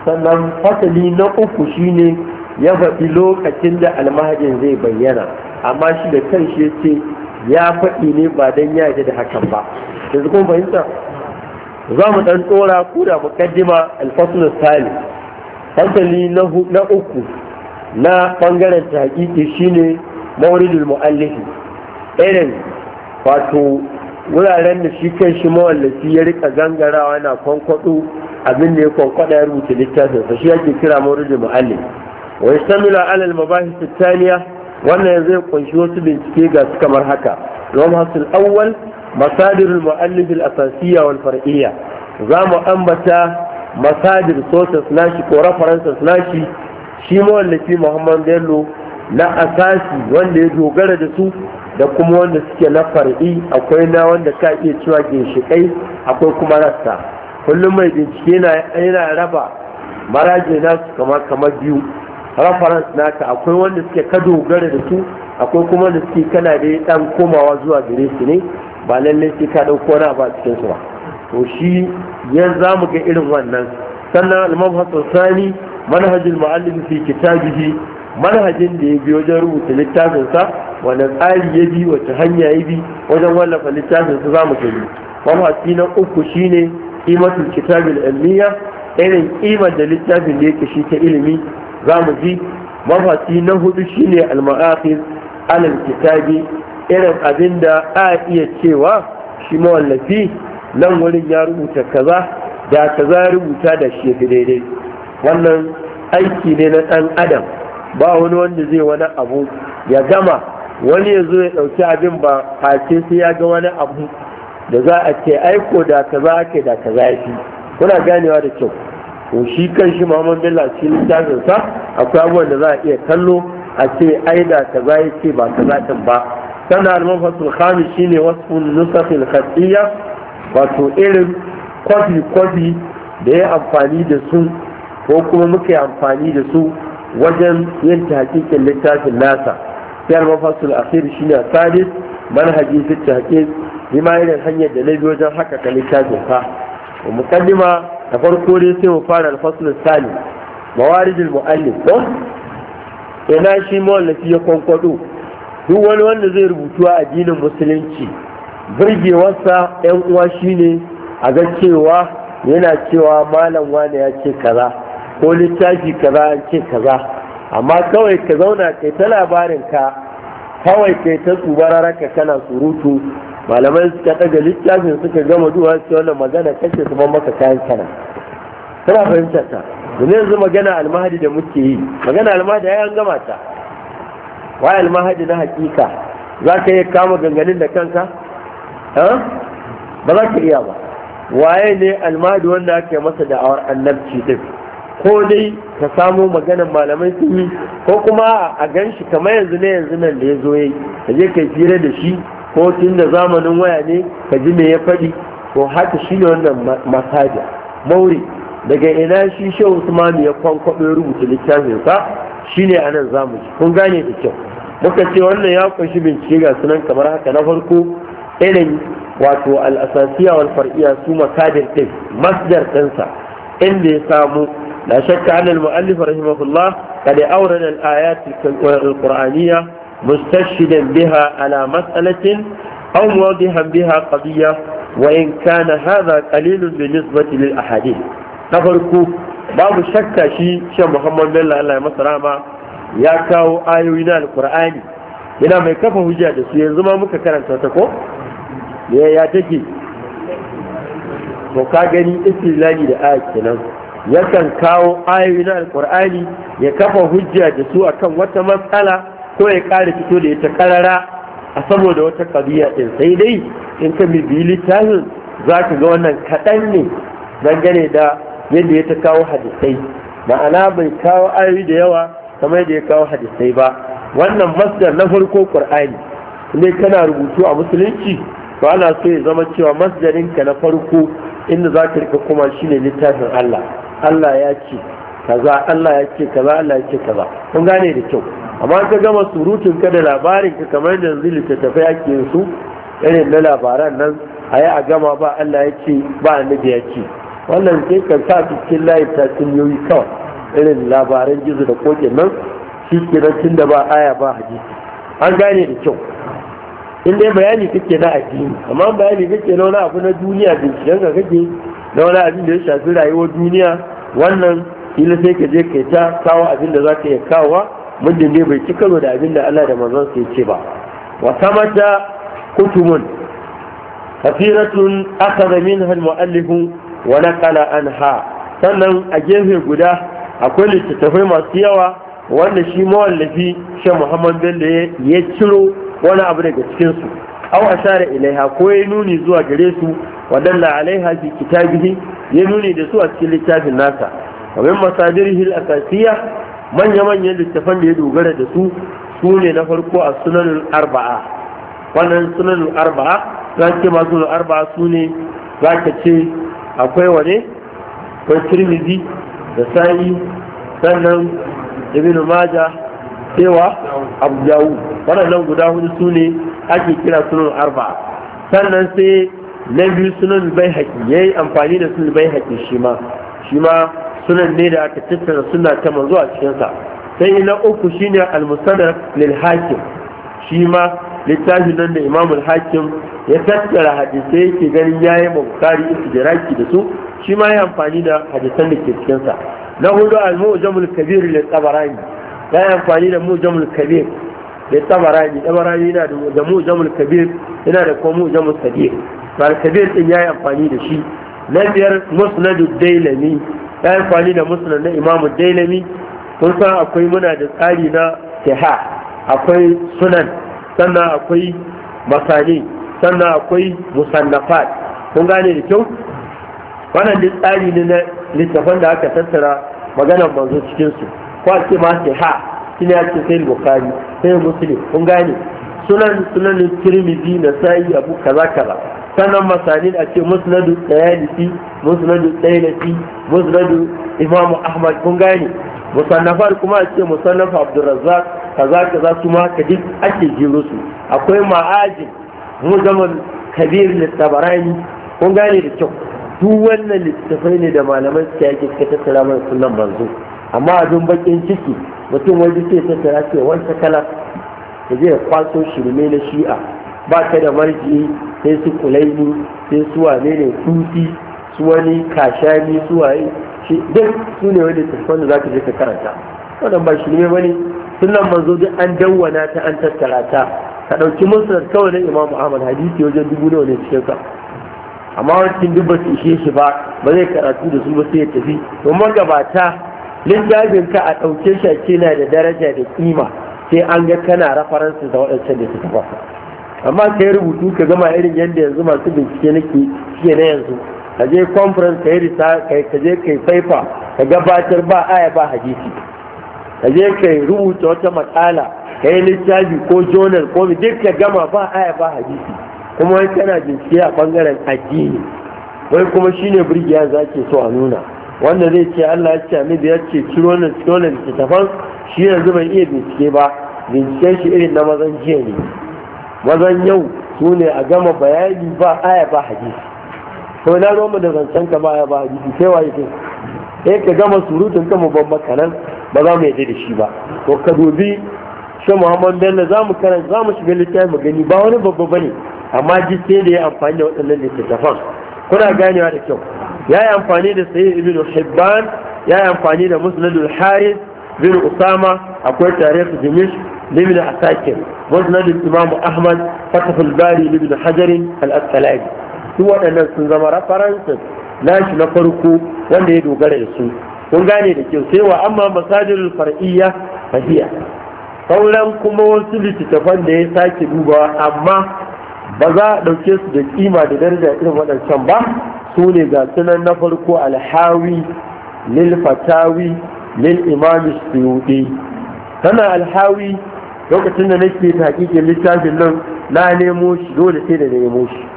sannan fasali na uku shine ya faɗi lokacin da almahadin zai bayyana amma shi da kanshi ya ya faɗi ne ba don ya da hakan ba yanzu kuma fahimta za mu ɗan tsora ko da muƙaddima alfasul sali fasali na uku na ɓangaren ta hakiki shine mauridul mu'allifi irin wato wuraren da shi kai shi mawallafi ya rika gangarawa na kwankwaɗo abin da ya kwankwaɗa ya rubuta littafin sa shi yake kira mauridul mu'allif wa yastamila ala al mabahis Sittaniya? wannan zai kunshi wasu bincike ga su kamar haka al awwal masadirul mu'allif al-asasiyya wal za mu ambata masadir sources nashi ko references nashi shi mawallafi Muhammad Bello na asasi wanda ya dogara da su da kuma wanda suke na far'i akwai na wanda ka iya cewa ginshiƙai akwai kuma rassa kullum mai bincike yana raba maraje nasu kamar kamar biyu reference naka akwai wanda suke ka dogara da su akwai kuma wanda suke kana da dan komawa zuwa gare ne ba lallai sai ka ɗauko wani ba cikin cikinsu ba to shi ya zamu ga irin wannan sannan imam hassan sani manhajin mu'allim fi kitabihi manhajin da ya bi wajen rubuta littafinsa wanda tsari ya bi wata hanya ya bi wajen wallafa littafinsa za mu gani mabhasi na uku shine kimatul kitabil ilmiya irin kimar da littafin da yake shi ta ilimi za mu ji na hudu shine al-ma'akhir alal kitabi irin abin da a iya cewa shi mawallafi nan wurin ya rubuta kaza da kaza ya rubuta da shi fi daidai wannan aiki ne na ɗan adam ba wani wanda zai wani abu ya gama wani ya zo ya ɗauki abin ba face sai ya ga wani abu da za a ce aiko da kaza ake da kaza ya fi kuna ganewa da kyau to shi kan shi Muhammad Bello shi littafin sa akwai abubuwan da za a iya kallo a ce ai da kaza ya ce ba kaza din ba sannan almanfasul khamis shine wasu nusakhil khatiyya wato irin kwafi kwafi da ya amfani da su ko kuma muka yi amfani da su wajen yin hakikin littafin nasa sai almanfasul akhir shine sadis manhaji fi tahqiq bima irin hanyar da na bi wajen haka ka littafin ka muqaddima da farko dai sai mu fara alfasul sani mawaridul muallif ko ina shi mawallafi ya kwankwado duk wani wanda zai rubutu a addinin musulunci birgewarsa yan uwa shine a ga cewa yana cewa malam wani ya ce kaza ko littafi kaza ya ce kaza amma kawai ka zauna kai ta labarin ka kawai kai ta ka kana surutu malamai suka daga littafin suka gama duwa su wannan magana kashe su ban maka kayan kana kana fahimtar ta yanzu magana almahadi da muke yi magana almahadi ya an gama ta wa mahaji na hakika za ka yi kama ganganin da kanka ba za ka iya ba waye ne almahadi wanda ake masa awar annabci din ko dai ka samu maganar malamai sun yi ko kuma a gan shi kamar yanzu ne yanzu nan da ya zo yi ka je ka fira da shi ko tun da zamanin waya ne ka ji me ya faɗi ko haka shi ne wannan masaja mauri daga ina shi shehu usmani ya kwankwaɓe rubuta littafinsa shine anan zamu ji kun gane da kyau muka ce wannan ya kunshi bincike ga sunan kamar haka na farko irin wato al'asasiya wal far'iya su makadir din masdar ɗinsa inda ya samu la shakka anna al-mu'allif rahimahullah qad awrada al-ayat al-qur'aniyya mustashidan biha ala mas'alatin aw muwadihan biha qadiyya wa in kana hadha qalilun bi nisbati lil ahadith na farko babu shakka shi shan muhammad bello allah ya masa rama ya kawo ayoyi na alkur'ani yana mai kafa hujja da su yanzu ma muka karanta ta ko ya ya take to ka gani istilahi da aya kenan yakan kawo ayoyi na alkur'ani ya kafa hujja da su akan wata matsala ko ya kare fito da ita karara a saboda wata kabiya din sai dai in ka bibi littafin za ka ga wannan kaɗan ne dangane da yadda ya ta kawo hadisai ma'ana bai kawo ayoyi da yawa kamar da ya kawo hadisai ba wannan masdar na farko qur'ani ne kana rubutu a musulunci to ana so ya zama cewa masdarinka na farko inda za ka rika kuma shine littafin Allah Allah ya ce kaza Allah ya ce kaza Allah ya ce kaza kun gane da kyau amma ka gama surutun ka da labarin ka kamar da yanzu littattafai ake yin su irin na labaran nan a yi a gama ba Allah ya ce ba annabi ya ce wannan sai kan sa cikin layi ta yoyi kawai irin labaran gizo da koke nan shi ke tun da ba aya ba hadisi an gane da kyau in dai bayani kake na addini amma bayani kake na wani abu na duniya binciken ka kake na wani abin da ya shafi rayuwar duniya wannan ila sai ka je ka ta kawo abin da za ka iya kawo muddin ne bai cika karo da abin da Allah da manzon sai ce ba wa samata kutumun kafiratun akhadha minha al-mu'allifu wa naqala anha sannan a gefe guda akwai littattafai masu yawa wanda shi mawallafi shi muhammad bello ya ciro wani abu daga cikin su aw ashara ilaiha ko ya nuni zuwa gare su dalla alaiha fi kitabihi ya nuni da su a cikin littafin nasa wa min masadirihi al-asasiyya manya manyan littafan da ya dogara da su su ne na farko a sunanul arba'a wannan sunanul arba'a za ce masu arba'a su ne za ka ce akwai wane akwai tirmidhi da sa'i sannan ibn maja cewa abu jawu waɗannan guda hudu su ne ake kira sunan arba'a sannan sai na biyu sunan bai haƙi ya yi amfani da sunan bai haƙi shi ma shi ma sunan ne da aka tattara suna ta manzo a cikinsa sai na uku shine al-musadar lil hakim shi ma littafin nan da imamul hakim ya tattara hadisai yake ganin ya yi bukari istidraki da su shi ma ya amfani da hadisan da ke cikinsa na hudu al-mu'jamul kabir li tabarani ya yi amfani da mu'jamul kabir da tabarani tabarani yana da mu'jamul kabir yana da kuma mu'jamul kabir al kabir din ya yi amfani da shi na biyar musnadud dailami ya yi amfani da musnad na imamu dailami kun san akwai muna da tsari na sahih akwai sunan sannan akwai masani sannan akwai musannafat kun gane da kyau wannan duk tsari ne na littafan da aka tattara maganar manzo cikin su ko ake ma sai ha shine ake sai bukhari sai muslim kun gane sunan sunan tirmidhi na sai abu kaza kaza sannan masanin a ce musnadu tayalisi musnadu tayalisi musnadu imamu ahmad kun gane musannafar kuma a ce musannaf abdurrazzaq kaza kaza su ma ka duk ake jiro su akwai ma'ajin mujamal kabir littabarani kun gane da kyau duk wannan littafai ne da malaman su yake suka tattara mana sunan banzo amma abin bakin ciki mutum waje sai tattara ce wanta kala da zai kwaso shirme na shi'a ba ka da marji sai su kulaini sai su wane ne tuti su wani kashani su waye shi duk su ne wani wanda za ka je ka karanta wannan ba shi ne bane sunan manzo duk an dawwana ta an tattara ta ka ɗauki musulun kawai na imam ahmad hadisi wajen dubu nawa ne cikin ka amma wancan duk ba su ishe shi ba ba zai karatu da su ba sai ya tafi domin magabata littafin ka a ɗauke shi a na da daraja da kima sai an ga kana rafaransu da waɗancan da suka ba amma ka yi rubutu ka gama irin yadda yanzu masu bincike nake shi na yanzu ka je conference ka yi risa ka je ka faifa ka gabatar ba aya ba hadisi ka je ka rubuta wata matsala ka yi littafi ko journal ko duk ka gama ba aya ba hadisi kuma wani kana bincike a bangaren addini wai kuma shine burgiya za ke so a nuna wanda zai ce Allah ya ce annabi ya ce ciro na ciro littattafan shi yanzu bai iya bincike ba Bincike shi irin na mazan jiya ne mazan yau sune a gama bayani ba aya ba hadisi ko na zo mu da zancen ka baya ba hadisi sai waye kai eh ka gama surutun ka mu babba kanan ba za mu yadda da shi ba to ka dubi shi Muhammad Bello za mu karanta za mu shiga littafin mu gani ba wani babba bane amma ji da ya amfani da waɗannan littattafan kuna ganewa da kyau ya yi amfani da sayyid ibn hibban ya yi amfani da musnadul haris bin usama akwai tarihi jimish libin asakir musnadul imamu ahmad fatahul bari libin hajarin al-asqalani su waɗannan sun zama references nashi na farko wanda ya dogara da su kun gane da kyau sai wa amma masajin far'iyya fahiya sauran kuma wasu littattafan da ya sake dubawa amma ba za a ɗauke su da kima da daraja irin waɗancan ba su ne ga sunan na farko alhawi lil fatawi lil imam suyudi kana alhawi lokacin da nake hakikin littafin nan na nemo shi dole sai da nemo shi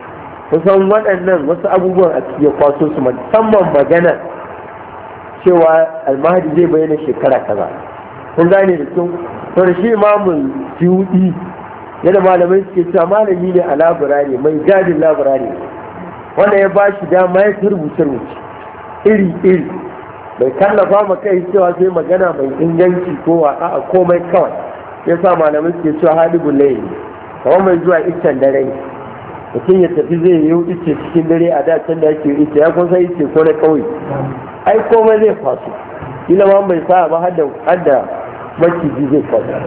kusan waɗannan wasu abubuwan a cikin kwaso su musamman magana cewa almahadi zai bayyana shekara kaza kun gane da sun? to shi imamul yadda malamai suke cewa malami ne a laburare mai gadin laburare wanda ya ba shi dama ya rubuce rubuce iri iri bai kallafa ma kai cewa sai magana mai inganci ko waka a komai kawai ya sa malamai suke cewa halibul layli kamar mai zuwa iccen dare mutum ya tafi zai yi ice cikin dare a da can da ake ice ya kusa ice ko na kauye. ai komai zai faso. kila ma bai sa ba har da maciji zai faso.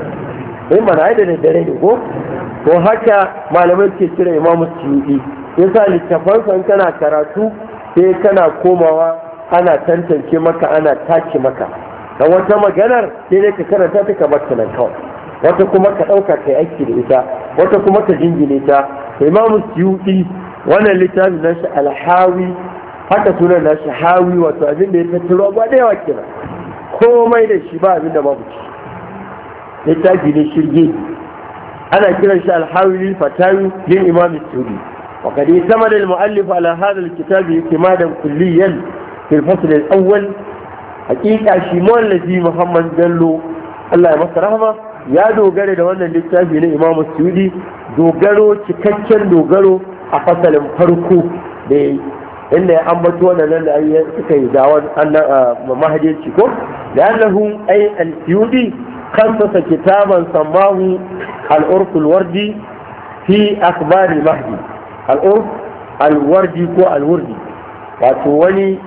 sai eh, mana ai da dare ne ko ko haka malamai ke kira imamu suyuɗi yasa littafan san kana karatu sai kana komawa ana tantance maka ana tace maka dan wata maganar sai dai ka karanta ta ka bar nan kawai wata kuma ka ɗauka kai aiki da ita wata kuma ka jingine ta imamu suyuti wannan littafin nashi alhawi haka sunan nashi hawi wato abin da ya tattaro ba da yawa kira komai da shi ba abin da babu ci littafi ne shirge ana kiran shi alhawi lil fatawi lil imam suyuti وقد اعتمد المؤلف على هذا الكتاب اعتمادا كليا في الفصل الاول hakika shi mawallafi muhammad bello allah ya masa rahama ya dogara da wannan littafi na imamu suyudi dogaro cikakken dogaro a fasalin farko da ya yi inda ya ambato wannan nan da ayyar suka yi dawon mahajirci ko da ay al-suyudi kansa kitaban sammahu al-urf al-wardi fi mahdi al-urf al-wardi ko al-wardi wato wani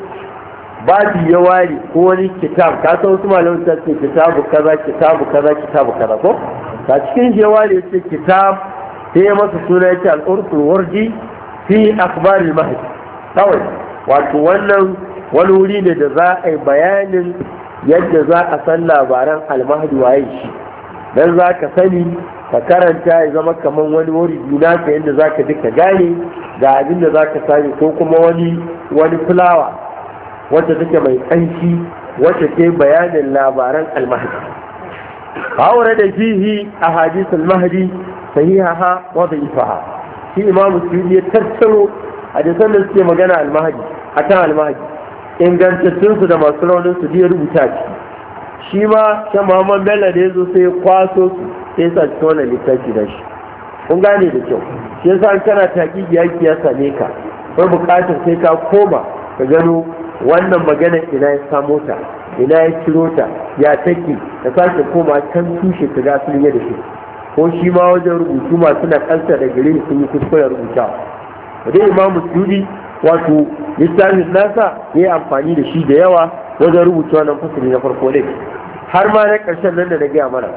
su ya wari ko wani kitab ka san wasu malamin ta ce kitabu kaza kitabu kaza kitabu kaza ko ta cikin shi wari ya ce kitab ta ya masa suna yake al'ursul wardi fi akhbaril mahaifi kawai wato wannan wani wuri ne da za a yi bayanin yadda za a san labaran almahdi waye shi dan za ka sani ka karanta ya zama kamar wani wuri juna ka yadda za ka duka gane ga abin da za ka sani ko kuma wani wani fulawa wacce take mai ƙanshi wacce ke bayanin labaran almahdi haura da fihi a hadisul mahdi sahihaha wa da'ifaha shi imam suyuti ya tattaro hadisan da suke magana almahdi akan almahdi ingantattun su da masu raunin su ya rubuta shi shi ma shan muhammad bello da ya zo sai kwaso su sai sa cikin wannan littafi da shi kun gane da kyau shi yasa kana taƙi ya same ka wai buƙatar sai ka koma ka gano wannan magana ina ya samo ta ina ya ciro ta ya take da sake koma can tushe ta ga sun da shi ko shi ma wajen rubutu masu na kansa da gare sun yi kuskuren rubuta da imamu sudi wato littafin nasa ya yi amfani da shi da yawa wajen rubuta wannan fasali na farko ne har ma na ƙarshen nan da na gaya mana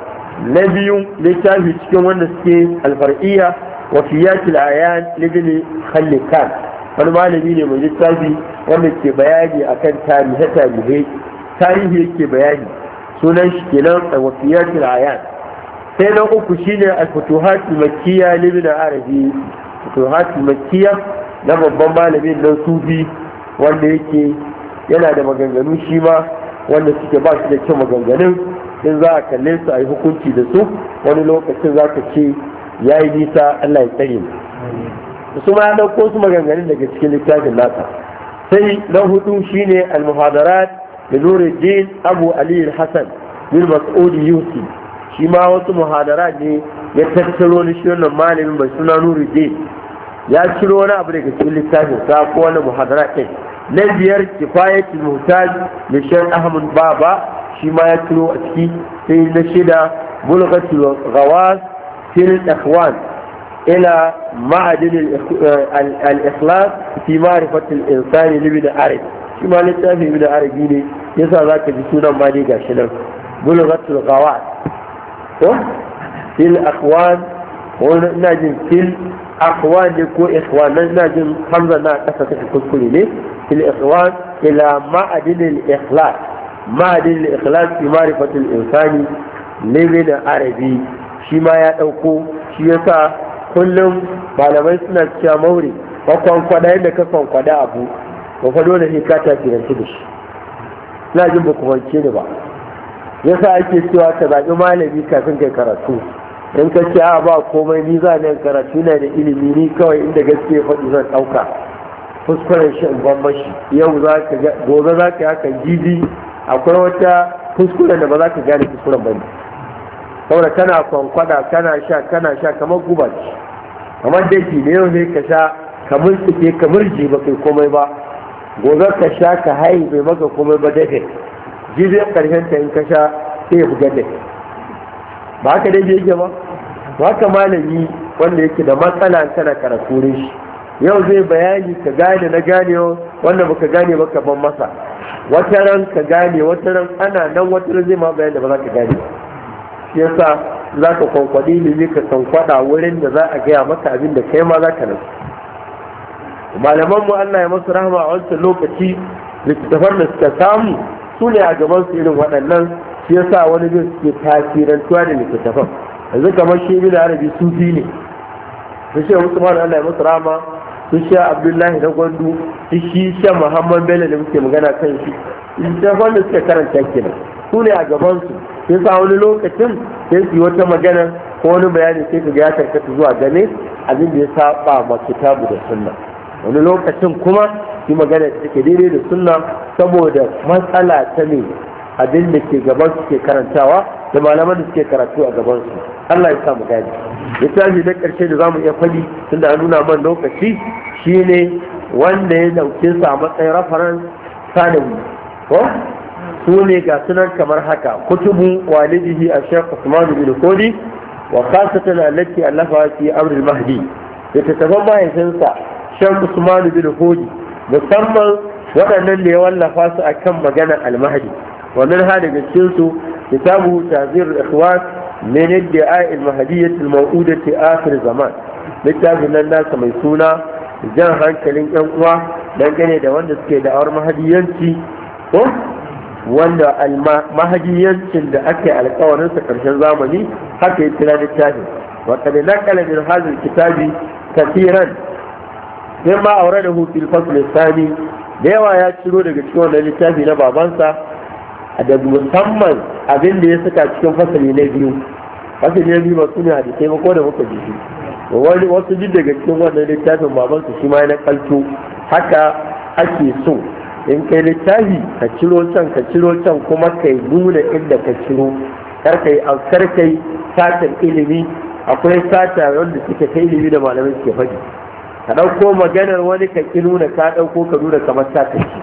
na biyu littafi cikin wanda suke alfar'iyya wa fiyatul ayan libni khalikan wani malami ne mai littafi wanda ke bayani akan tarihe tarihe tarihi yake bayani sunan shi kenan wafiyatul ayan sai na uku shine a fatuhati makiya libin arabi fatuhati makiya na babban malamin nan sufi wanda yake yana da maganganu shi ma wanda suke ba shi da kyau maganganun in za a kalle su a yi hukunci da su wani lokacin za ka ce ya yi nisa allah ya tsare mu su ma ya ɗauko su maganganun daga cikin littafin nasa sai na hudu shine al-muhadarat da nuruddin abu aliyu hassan bin mas'ud yusi shi ma wasu muhadarat ne ya tattaro ni shi wannan malamin mai suna nuruddin ya ciro wani abu daga cikin littafin sa ko wani muhadarat ɗin na biyar kifayatul muhtaj da shan ahmad baba shi ma ya ciro a ciki sai na shida bulghatul ghawas fil ikhwan إلى معدن الإخلاص في معرفة الإنسان لبن عرب shi ma littafi ibn arabi ne yasa za ka ji sunan ma dai gashi nan bulghatul ghawat to fil akhwan wani ina jin fil akhwan ne ko ikhwan jin hamza na kasa take kuskure ne fil ikhwan ila ma'adin al ikhlas ma'adin al fi arabi ya dauko shi kullum malamai suna cewa maure ba kwankwada yadda ka kwankwada abu ba fa dole ne ka ta da shi na jin ba kumance ni ba yasa ake cewa ka zaɓi malami kafin kai karatu in ka ce a ba komai ni za ne karatu na da ilimi ni kawai inda gaske faɗi zan ɗauka kuskuren shi in ban mashi yau za ka gobe za ka yi hakan jibi akwai wata kuskuren da ba za ka gane kuskuren ba ne saboda kana kwankwada kana sha kana sha kamar guba kamar daki ne yau ne ka sha kamar tsuke kamar ji ba kai komai ba gobe ka sha ka haihu bai maka komai ba dafe jirgin karshen ta in ka sha sai ya buga dafe ba haka dai yake ba ba haka malami wanda yake da matsala kana karatu shi yau zai bayani ka gane na gane wanda baka gane ba ka ban masa wata ran ka gane wata ran ana nan wata ran zai ma bayani da ba za ka gane ba shi yasa za ka kwankwaɗi ilimi ka kwankwada wurin da za a gaya maka abin da kai ma za ka nasu malaman mu Allah ya masu rahama a wancan lokaci littattafan da suka samu su ne a gaban su irin waɗannan shi yasa wani zai suke tasirantuwa da littattafan yanzu kamar shi bin arabi fi ne su shi musulman Allah ya masu rahama su shi abdullahi na gwandu su shi shan muhammad bello da muke magana kan shi littattafan da suka karanta kenan su ne a gaban su sai sa wani lokacin sai su yi wata magana ko wani bayani sai ka ga ya karkata zuwa gane abin da ya saba ma kitabu da sunna wani lokacin kuma yi magana da take daidai da sunna saboda matsala ta ne abin da ke gaban su ke karantawa da malaman da suke karatu a gaban su Allah ya sa mu gane littafi na karshe da zamu iya fadi tunda an nuna man lokaci shine wanda ya dauke sa a matsayin reference sanin ko su ne ga sunan kamar haka kutubu walidihi a shekh usman bin kodi wa khasatan allati allafa fi amr al-mahdi da tattaban mahaifinsa shekh usman bin kodi musamman waɗannan da ya wallafa su akan maganar al-mahdi ومن هذا الجنس كتابه تعذير الإخوان من ادعاء المهدية الموؤودة آخر zaman littafin nan nasa mai suna jan hankalin yan uwa dangane da wanda suke da'awar mahadiyanci ko wanda mahajiyancin da ake alƙawarin sa karshen zamani haka yi kira littafin wa kad naqala min hadhihi kitabi sai kathiran da awradahu fil fasl sani da yawa ya ciro daga cikin wannan littafi na babansa da musamman abin da ya saka cikin fasali na biyu fasali na biyu ba su ne hadisai ba ko da muka jiki? Wani wasu duk daga cikin wannan littafin babansa shi ma na kalto haka ake so in kai littafi ka ciro can ka ciro can kuma kai nuna inda ka ciro kar kai kar kai satar ilimi akwai sata wanda suke kai ilimi da malamai suke faɗi ka ɗauko maganar wani ka ki nuna ka ɗauko ka nuna kamar sata shi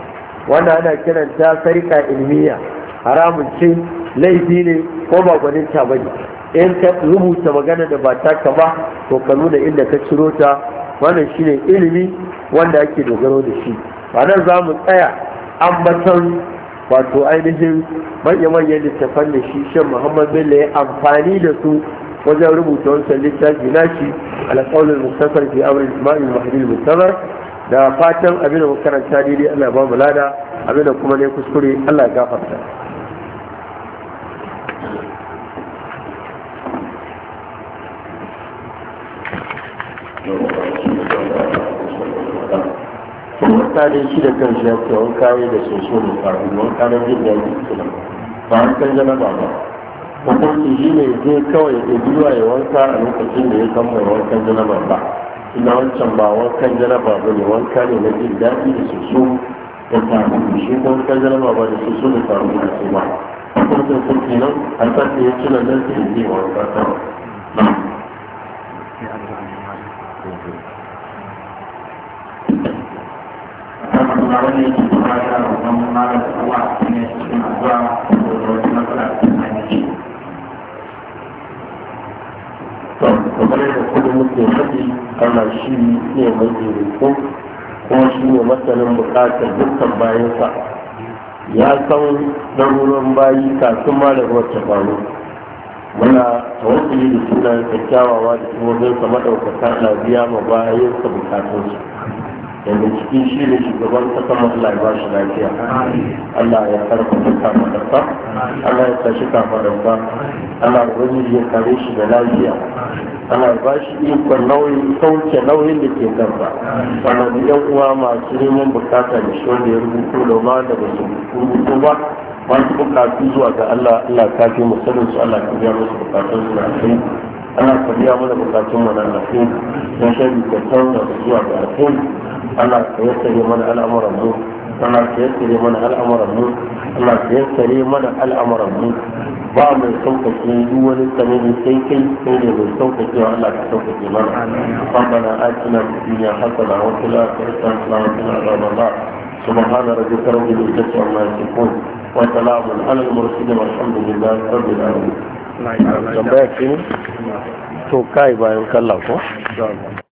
wannan ana kiranta sarka ilmiya haramun ce laifi ne ko ba gwanin ta ne in ka rubuta magana da ba ka ba to ka nuna inda ka ciro ta wannan shine ilimi wanda ake dogaro da shi ba nan za mu tsaya ambatan wato ainihin manya-manyan littafan da shi shan muhammad bello ya amfani da su wajen rubuta wancan littafi nashi alƙaunin muktasar fi amrin ismail mahdi muktasar da fatan abin da makaranta daidai allah ba mu lada abin da kuma ne kuskure allah gafarta Thank you. ta dai shi da kan shi ya ce wanka yi da soso da faru wanka na zai da yake kuma ba an kan jana ba ba hukunci shi ne zai kawai da biyuwa ya wanka a lokacin da ya kammala wankan jana ba ba ina wancan ba wankan jana ba ba ne wanka ne na jin daɗi da soso da faru shi ko wankan jana ba ba da soso da faru da su ba hukuncin sun kenan an sake ya ci nan nan sai ya je wanka ta. kuma da ne hanyar kamar da kudu muke faɗi Allah shi ne mai ko kuma shi ne masanin buƙatar dukkan bayansa ya san ɗaruran bayi kafin ma da wacce faru muna tawakkali da sunan kyakkyawawa da kuma zai sa madaukaka na biya ma bayansa bukatunsu daga cikin shi ne shugaban kasar Allah ya shi lafiya Allah ya karfafa kafadarsa Allah ya tashi ba Allah ya wani ya kare shi da lafiya Allah ya bashi ikon nauyin sauke nauyin da ke kansa da yan uwa masu neman bukata da shi wanda ya rubuto da ma da ba su rubuto ba masu bukatu zuwa ga Allah Allah ka fi musulunsu Allah ka biya musu bukatun su na ana kwaliya mana bukatun mu nan nafi don shari da tauna zuwa ga alkhairi ana tsaye mana al'amuran mu ana tsaye mana al'amuran mu ana tsaye mana al'amuran mu ba mai sauƙaƙe yi wani tsanani sai kai sai ne mai sauƙaƙe wa Allah ka sauƙaƙe mana rabbana atina fid dunya hasana wa fil akhirati hasana ba qina adhaban nar subhana rabbika rabbil izzati amma yasifun wa salamun su da walhamdulillahi rabbil alamin tambaya ce to kai bayan kallon ko